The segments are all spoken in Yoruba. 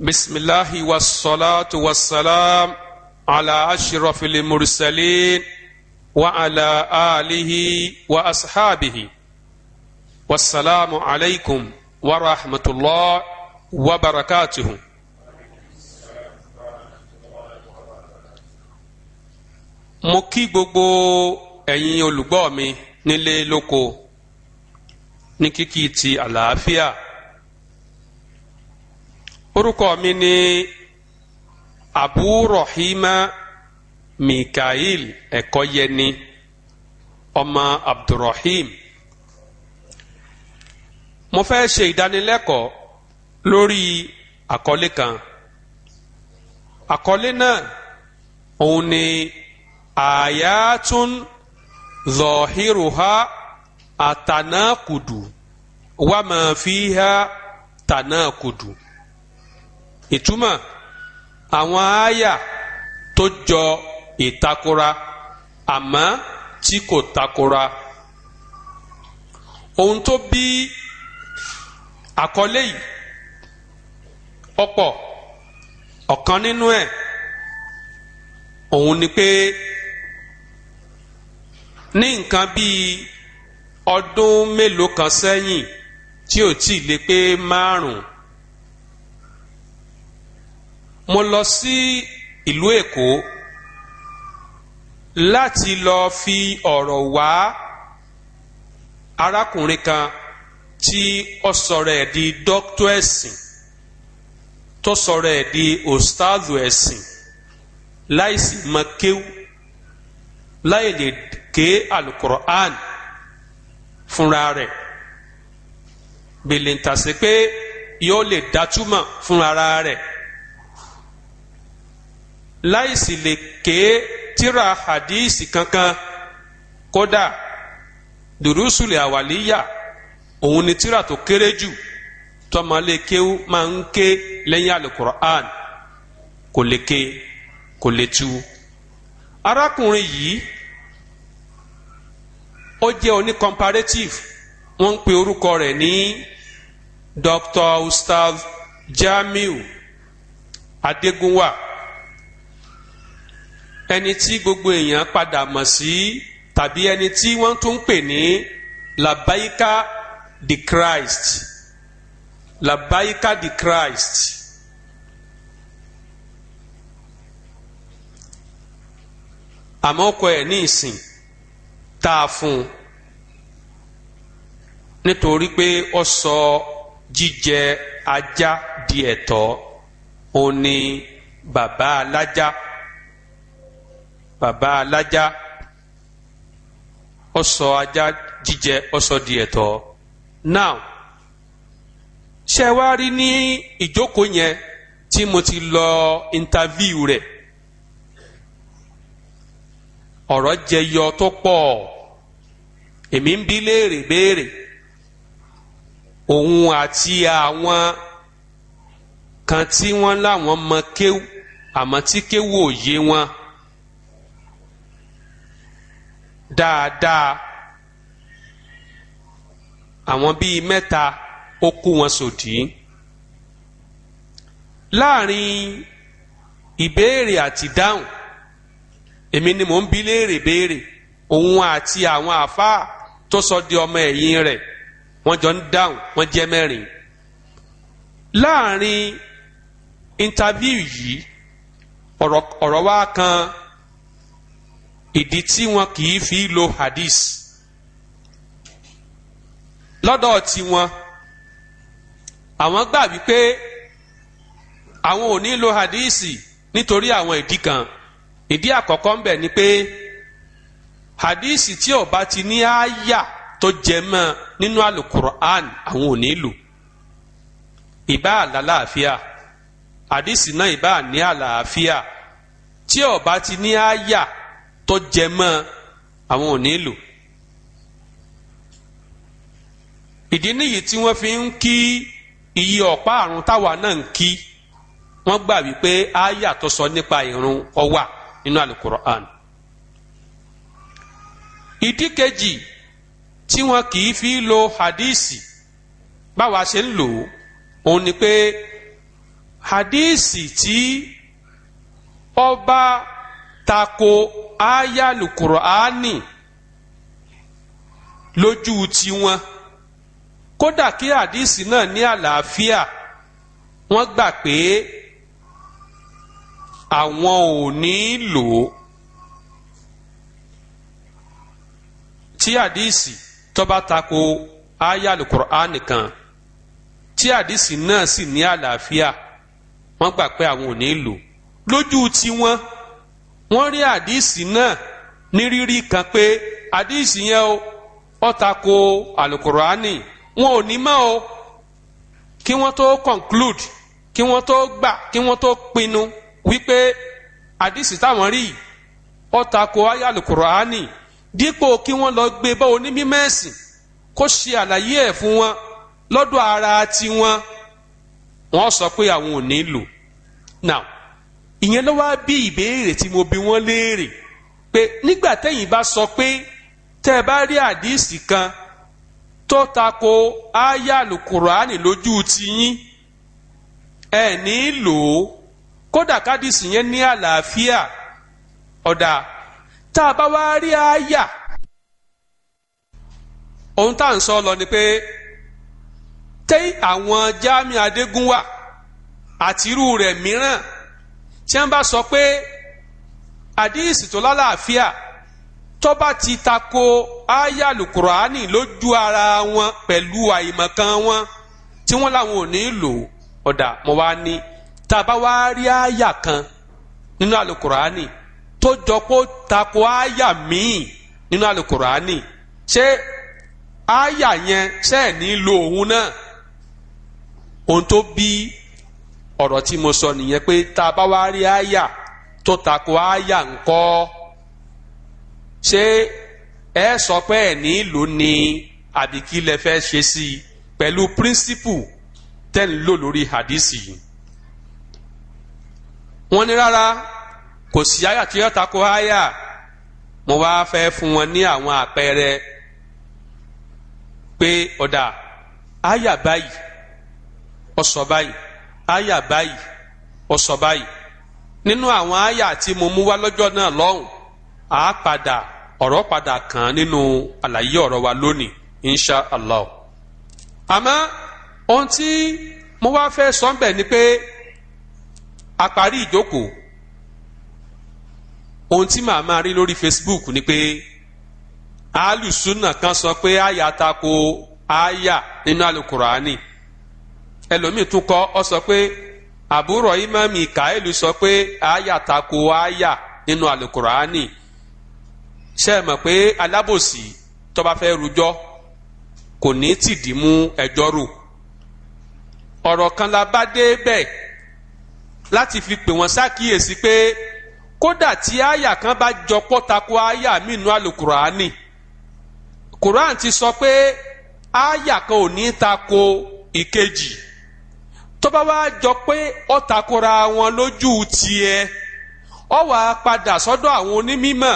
بسم الله والصلاة والسلام على أشرف المرسلين وعلى آله وأصحابه والسلام عليكم ورحمة الله وبركاته mo kí gbogbo ẹ̀yin olùgbọ́ mi nílé lóko ní kíkí ti àlàáfíà orúkọ mi ni abu rahima mikael ẹkọyẹni ọmọ abdulrahim mo fẹ́ ṣe ìdánilẹ́kọ̀ọ́ lórí àkọlé kan àkọlé náà òun ni ayatun zohiruha atanakudu wàmàfíhà tanakudu ìtumọ̀ àwọn àáyà tó jọ ìtakora àmọ́ tí kò takora ohun tó bí àkọlé yìí ọ̀pọ̀ ọ̀kan nínú ẹ̀ òun ni pé ní nǹkan bíi ọdún mélòó kan sẹ́yìn tí ò tí ì pé márùn-ún mo lọ sí ìlú Èkó láti lọ fi ọ̀rọ̀ wá arákùnrin kan tí ó sọ̀rọ̀ ẹ̀ di dókítà ẹ̀sìn tó sọ̀rọ̀ ẹ̀ di ostaazu ẹ̀sìn láìsí makéw láì lè ké alukur'an fúnra rẹ̀ bèlè pé yóò lè dátúmọ̀ fúnra rẹ̀ láìsí lè ké tíra hadíìsì kankan kódà dùrúsùlẹ̀ àwàlíyà òun ni tíra tó kéré jù tọmọlékéwú máa ń ké lẹ́yìn alukur'an kò lè ké kò lè tu arákùnrin yìí ó jẹ́ oní comparative wọ́n ń pe orúkọ rẹ̀ ní Dr. Ustaz Jamiu Adegunwa ẹni tí gbogbo èèyàn padà mọ̀ sí tàbí ẹni tí wọ́n tún pè ní labaika the Christ labaika the Christ. àmọ́ ọkọ ẹ̀ ní ìsìn tá a fún un nítorí pé ó sọ jíjẹ ajá di ẹ̀tọ́ ó bàbá alájá bàbá alájá ó sọ ajá jíjẹ ó di ẹ̀tọ́ now ṣe wá rí ní ìjókòó yẹn tí mo ti lọ interview rẹ̀ ọ̀rọ̀ jẹyọ tó pọ̀ èmi ń bi léèrè béèrè òun àti àwọn kan tí wọ́n láwọn mọ kéwù àmọ́ tí kéwù ò yé wọn. dáadáa àwọn bíi mẹ́ta ó kó wọn sòdí láàrin ìbéèrè àti dáhùn èmi ni mò ń bi léèrè béèrè òun àti àwọn àáfàá tó sọ di ọmọ ẹ̀yìn rẹ̀ wọ́n jọ ń dáhùn wọ́n jẹ́ mẹ́rin láàrin interview yìí ọ̀rọ̀ wá kan ìdí tí wọn kì í fi lo hadith lọ́dọ̀ tiwọn àwọn gbà wípé àwọn ò ní lo hadíìsì nítorí àwọn ìdí kan ìdí àkọ́kọ́ ń bẹ̀ ni pé hadíìsì tí ó bá ti ní àyà tó jẹ mọ́ nínú alukur'an àwọn ò ní lò ìbá àlàáfíà hadíìsì náà ìbá ní àlàáfíà tí ó bá ti ní àyà tó jẹ mọ́ àwọn ò ní lò ìdí nìyí tí wọ́n fi ń kí iye ọ̀pá àrùn táwa náà ń kí wọ́n gbà wípé àyà tó sọ nípa ìrun ọwà nínú alukur'an ìdí kejì tí wọ́n kì í fi lo hadísì báwa ṣe ń lò òun ni pé hadísì tí ọba tako aya lùkùránì lójú tiwọn kódà kí àdìsí náà ní àlàáfíà wọ́n gbà pé àwọn ò ní lò ó tí àdìsí tó tako aya lùkùránì kan tí àdìsí náà sì ní àlàáfíà wọ́n gbà pé àwọn ò ní lò lójú tiwọn wọ́n rí àdìsí náà ní rírí kan pé àdìsí yẹn o ó tako alukurani wọn ò ní mọ́ o kí wọ́n tó conclude kí wọ́n tó gbà kí wọ́n tó pinnu wípé àdìsí táwọn rí ó tako aya alukurani dípò kí wọ́n lọ gbé bá onímímẹ́sì kó ṣe àlàyé ẹ̀ fún wọn lọ́dọ̀ ara tiwọn wọ́n sọ pé àwọn ò ní lò now ìyẹn ló wá bí ìbéèrè tí mo bi wọ́n léèrè pé nígbà tẹ́yìn bá sọ pé tẹ́ ẹ bá rí àdíìsì kan tó tako àyà lùkùránì lójú tiyín ẹ ní lò ó kódà kádìsì yẹn ní àlàáfíà ọ̀dà tá a bá wá rí àyà ohun tá à ń sọ lọ ni pé tẹ́ àwọn Jamiu Adégúnwà àtirú rẹ̀ mìíràn tí wọ́n bá sọ pé àdíìsì tó lálàáfíà tó bá ti tako áyàlù kùránì lójú ara wọn pẹ̀lú àìmọ̀kan wọn tí wọ́n làwọn ò ní lò ọ̀dà mo wá ní tá a bá wá rí áyà kan nínú àlùkùránì tó jọ pé ó tako áyà míì nínú àlùkùránì ṣé áyà yẹn ṣe ní lo òun náà ohun tó bí ọ̀rọ̀ tí mo sọ nìyẹn pé tá a bá wá rí àyà tó tako àyà ńkọ́ ṣé ẹ sọ pé ẹ̀ ní ìlú ni àbí kí lẹ fẹ́ ṣe sí i pẹ̀lú píríncípù tẹ́ lórí hadisi yìí wọ́n ní rárá kò sí àyà tí yọ tako àyà mo wá fẹ́ fún wọn ní àwọn àpẹẹrẹ pé ọ̀dà àyà báyìí ó báyìí Aya báyìí ọ̀sọ̀ báyìí nínú àwọn àyà tí mo mú wá lọ́jọ́ náà lọ́hùn á padà ọ̀rọ̀ padà kàn án nínú àlàyé ọ̀rọ̀ wa lónìí insha allah àmọ́ ohun tí mo wá fẹ́ sọ ń bẹ̀ ni pé àparí ìjókòó ohun tí màá máa rí lórí facebook ni pé alùsùnà kan sọ pé àyà tako àyà nínú alukurani. No ẹlòmíì tún kọ ọ sọ pé àbúrò imami kaelu sọ pé àyà tako àyà nínú alukurani ṣe é mọ̀ pé alábòsí tó bá fẹ́ rújọ́ kò ní tìdí mú ẹjọ́ rò ọ̀rọ̀ kan la bá dé bẹ́ẹ̀ láti fi pè wọ́n ṣàkíyèsí pé kódà tí àyà kan bá jọ pọ̀ tako àyà mínú alukurani quran ti sọ pé àyà kan ò ní tako ìkejì tọ́ba wa jọ pé ó takora wọn lójú tiẹ̀ ó wá padà sọ́dọ̀ àwọn onímímọ̀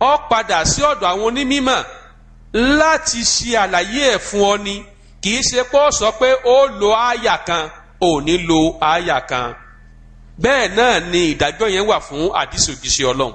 ó padà sí ọ̀dọ̀ àwọn onímímọ̀ láti ṣe àlàyé ẹ̀ fún ọ ni kì í ṣe pé ó sọ pé ó lo àyà kan ò ní lo àyà kan bẹ́ẹ̀ náà ni ìdájọ́ yẹn wà fún àdìsí òjíṣẹ́ ọlọ́run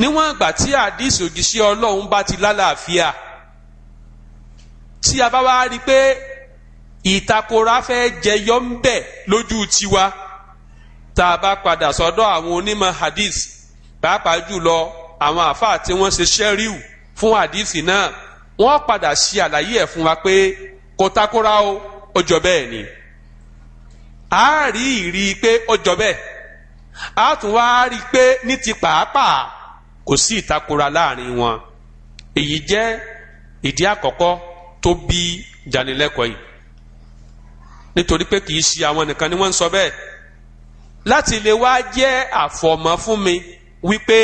níwọ̀n ìgbà tí àdìsí òjíṣẹ́ bá ti lálàáfíà tí a bá wá rí i pé ìtakora fẹ́ jẹyọ ń bẹ̀ lójú tiwa tá a bá padà sọ́dọ̀ àwọn onímọ̀ hadith pàápàá jùlọ àwọn àáfàá tí wọ́n ṣe ṣẹ́ríù fún hadith náà wọ́n padà ṣe àlàyé ẹ̀ fún wa pé kò takora o ó jọ bẹ́ẹ̀ ni a rí ìrí pé ó jọ bẹ́ẹ̀ a tún wá rí pé ní ti pàápàá kò sí ìtakora láàrin wọn èyí jẹ́ ìdí àkọ́kọ́ tó bí ìdánilẹ́kọ̀ọ́ yìí nítorí pé kì í ṣe àwọn nìkan ni wọ́n ń sọ bẹ́ẹ̀ láti lè wá jẹ́ àfọ̀mọ́ fún mi wípé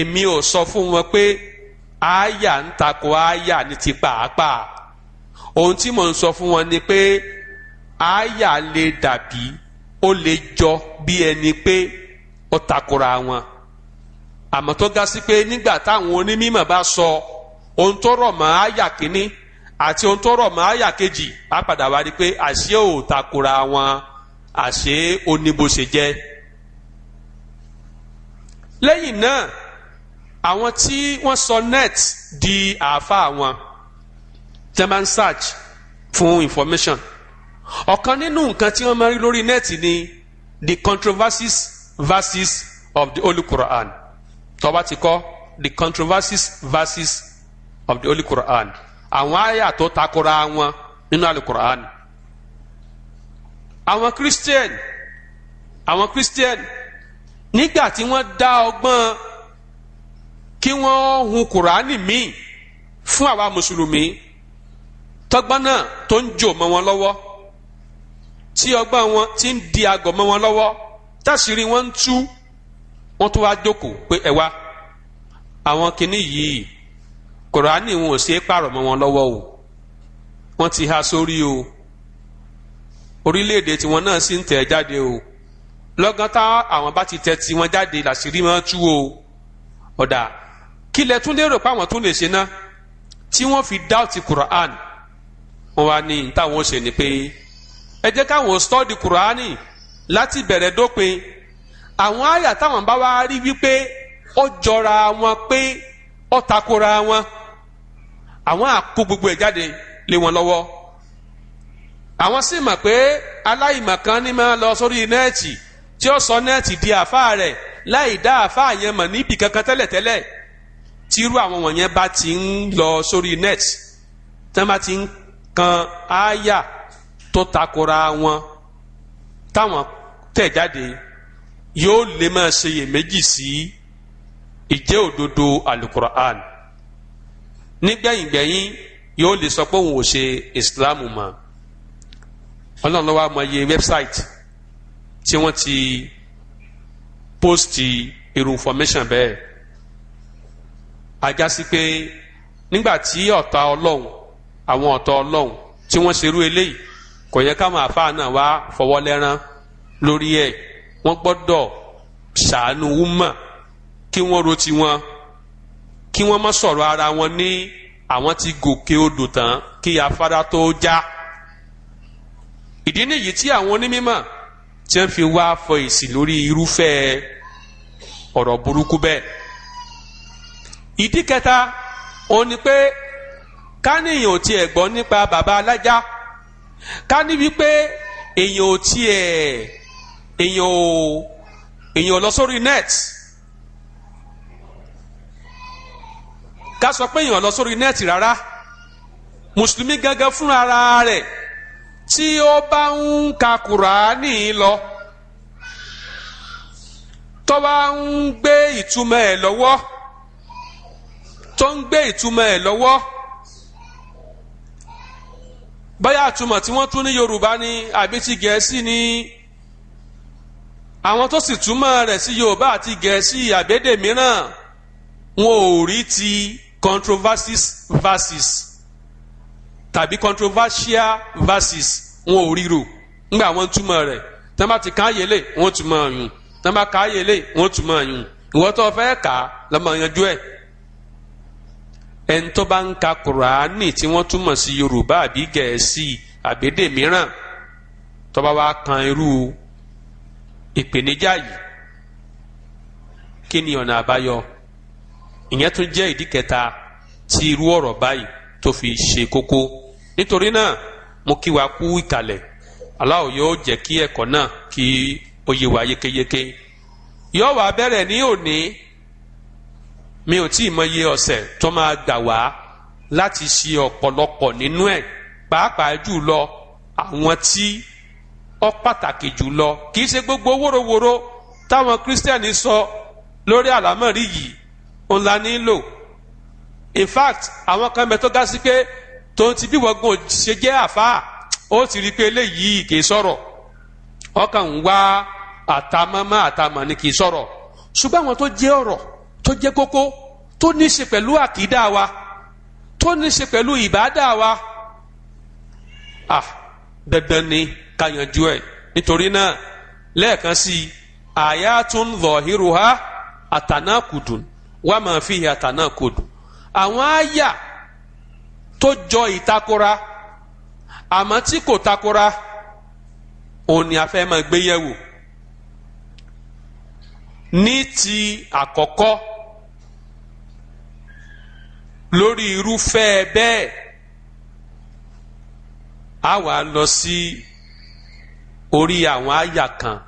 èmi ò sọ fún wọn pé àáyà ń takò àáyà ní ti pàápàá ohun tí mò ń sọ fún wọn ni pé àáyà lè dàbí ó lè jọ bí ẹni pé ó takora wọn àmọ́ tó ga sí pé nígbà táwọn onímọ̀ bá sọ ohun tó rọ̀ mọ́ àáyà kínní àti ohun tó rọ̀ mọ́ àyà kejì á padà wá rí i pé àṣé ò takora wọn àṣé oníbòṣe jẹ́. lẹ́yìn náà àwọn tí wọ́n sọ net di àáfàá wọn german search fún information ọ̀kan nínú nǹkan tí wọ́n máa rí lórí nẹ́ẹ̀tì ni the controversies verses of the holy quran tó bá ti kọ́ the controversies verses of the holy quran àwọn àyà tó takora wọn nínú alukur'an àwọn christian àwọn christian nígbà tí wọ́n dá ọgbọ́n kí wọ́n hun kùránì míì fún àwa mùsùlùmí tọgbọ́n náà tó ń jò mọ́ wọn lọ́wọ́ tí ọgbọ́n wọn ti ń di àgọ̀ mọ́ wọn lọ́wọ́ táṣìírí wọn ń tú wọ́n tó wá jókòó pé ẹ wá àwọn kinní yìí kòránì wọn ò ṣe é pààrọ̀ mọ́ wọn lọ́wọ́ o wọ́n ti há sórí o orílẹ̀-èdè tiwọn náà sì ń tẹ̀ jáde o lọ́gán tá àwọn bá ti tẹ̀ tiwọn jáde làṣírí máa tú o ọ̀dà kí lẹ tún lérò pé àwọn tún lè ṣe ná tí wọ́n fi dáùtì kùránì wọ́n wá ní táwọn ṣe ni pé ẹ jẹ́ káwọn stọ́ọ̀dì kùránì láti bẹ̀rẹ̀ dópin àwọn àyà táwọn bá wá rí wípé ó jọra wọn pé ó takora wọn àwọn àkó gbogbo ẹ̀ jáde lé wọn lọ́wọ́ àwọn sì mọ̀ pé aláìmọ̀kan ní máa lọ sórí nẹ́ẹ̀tì tí ó sọ nẹ́ẹ̀tì di àáfàá rẹ̀ láì dá àáfàá yẹn mọ̀ níbi kankan tẹ́lẹ̀tẹ́lẹ̀ tí irú àwọn wọ̀nyẹn bá ti ń lọ sórí nẹ́ẹ̀tì tí wọ́n bá ti ń kan ááyà tó takora wọn táwọn tẹ̀ jáde yóò lè máa ṣe iyèméjì sí ìjẹ́ òdodo alukur'an nígbẹ̀yìngbẹ̀yìn yóò lè sọ pé òun ò ṣe islam mọ́ ọlọ́run ló wá mọ tí wọ́n ti pósìtì irú information bẹ́ẹ̀ ajásí pé nígbà tí ọ̀tá ọlọ́run àwọn ọ̀tá ọlọ́run tí wọ́n ṣerú eléyìí kò yẹ káwọn àáfàá náà wá fọwọ́ lẹ́rán lórí ẹ̀ wọ́n gbọ́dọ̀ ṣàánú wúmọ̀ kí wọ́n ro tiwọn kí wọ́n má sọ̀rọ̀ ara wọn ní àwọn ti gòkè odò tán kí afárá tó já ìdí nìyí tí àwọn onímọ̀ tí wọ́n fi wá fọ èsì lórí irúfẹ́ ọ̀rọ̀ burúkú bẹ́ẹ̀ ìdí kẹta òun ni pé káníyàn ò tiẹ̀ gbọ́ nípa bàbá alájà káni wípé èèyàn ò tiẹ̀ èèyàn ò èèyàn ò lọ sórí net ká sọ pé èèyàn lọ sórí nẹ́ẹ̀tì rárá mùsùlùmí gangan fúnra rẹ̀ tí ó bá ń ka kùránì lọ tó bá ń gbé ìtumọ̀ ẹ̀ lọ́wọ́ tó ń gbé ìtumọ̀ ẹ̀ lọ́wọ́ báyà àtumọ̀ tí wọ́n tún ní Yorùbá ni àbí ti Gẹ̀ẹ́sì ni àwọn tó sì túmọ̀ rẹ̀ sí Yorùbá àti Gẹ̀ẹ́sì àbédè mìíràn wọn ò rí ti controversies verses tàbí controversial verses wọn ò ríro ńgbà wọn túmọ̀ rẹ̀ tán bá ti kàn yẹlẹ̀ wọn túmọ̀ ọ̀yùn tán bá kà yẹlẹ̀ wọn túmọ̀ ọ̀yùn ìwọ tó fẹ́ kà á lọ́mọ yanjú ẹ̀ ẹni tó bá ń ka kùránì tí wọ́n túmọ̀ sí yorùbá àbí gẹ̀ẹ́sì àbédè mìíràn tó bá wá kan irú ìpèníjà yìí kí ni ọ̀nà àbáyọ ìyẹn tún jẹ́ ìdí kẹta tí irú ọ̀rọ̀ báyìí tó fi ṣe kókó nítorí náà mo kí wa kú ìkàlẹ̀ Allah yóò jẹ́ kí ẹ̀kọ́ náà kí ó yé wa yékéyéké yóò wá bẹ̀rẹ̀ ní òní mi ò tí ì mọye ọ̀sẹ̀ tó máa gbà wá láti ṣe ọ̀pọ̀lọpọ̀ nínú ẹ̀ pàápàá jùlọ àwọn tí ó pàtàkì jùlọ kì í ṣe gbogbo wóróworó táwọn kírísítẹ́nì sọ lórí àlámọ̀rí yìí òun la nílò in fact àwọn kan bẹ tó ga sí pé tòun ti bí wọgbọn ṣe jẹ àfa ó ti rí i pé eléyìí kì í sọ̀rọ̀ ọkàn ń wá àtàmọ́mọ́ àtàmọ́ ni kì í sọ̀rọ̀ ṣùgbọ́n àwọn tó jẹ́ ọ̀rọ̀ tó jẹ́ kókó tó ní í ṣe pẹ̀lú àkídá wa tó ní í ṣe pẹ̀lú ìbádá wa ah dandan ni ká yanjú ẹ̀ nítorí náà lẹ́ẹ̀kan sí i àyà tún zọ̀hírù ha àtànákùdùn wà máa fi ìyàtà náà kodù àwọn àyà tó jọ ìtakora àmọ́ tí kò takora òun ni a fẹ́ máa gbé yẹ̀wò ní ti àkọ́kọ́ lórí irúfẹ́ bẹ́ẹ̀ a wà lọ sí orí àwọn àyà kan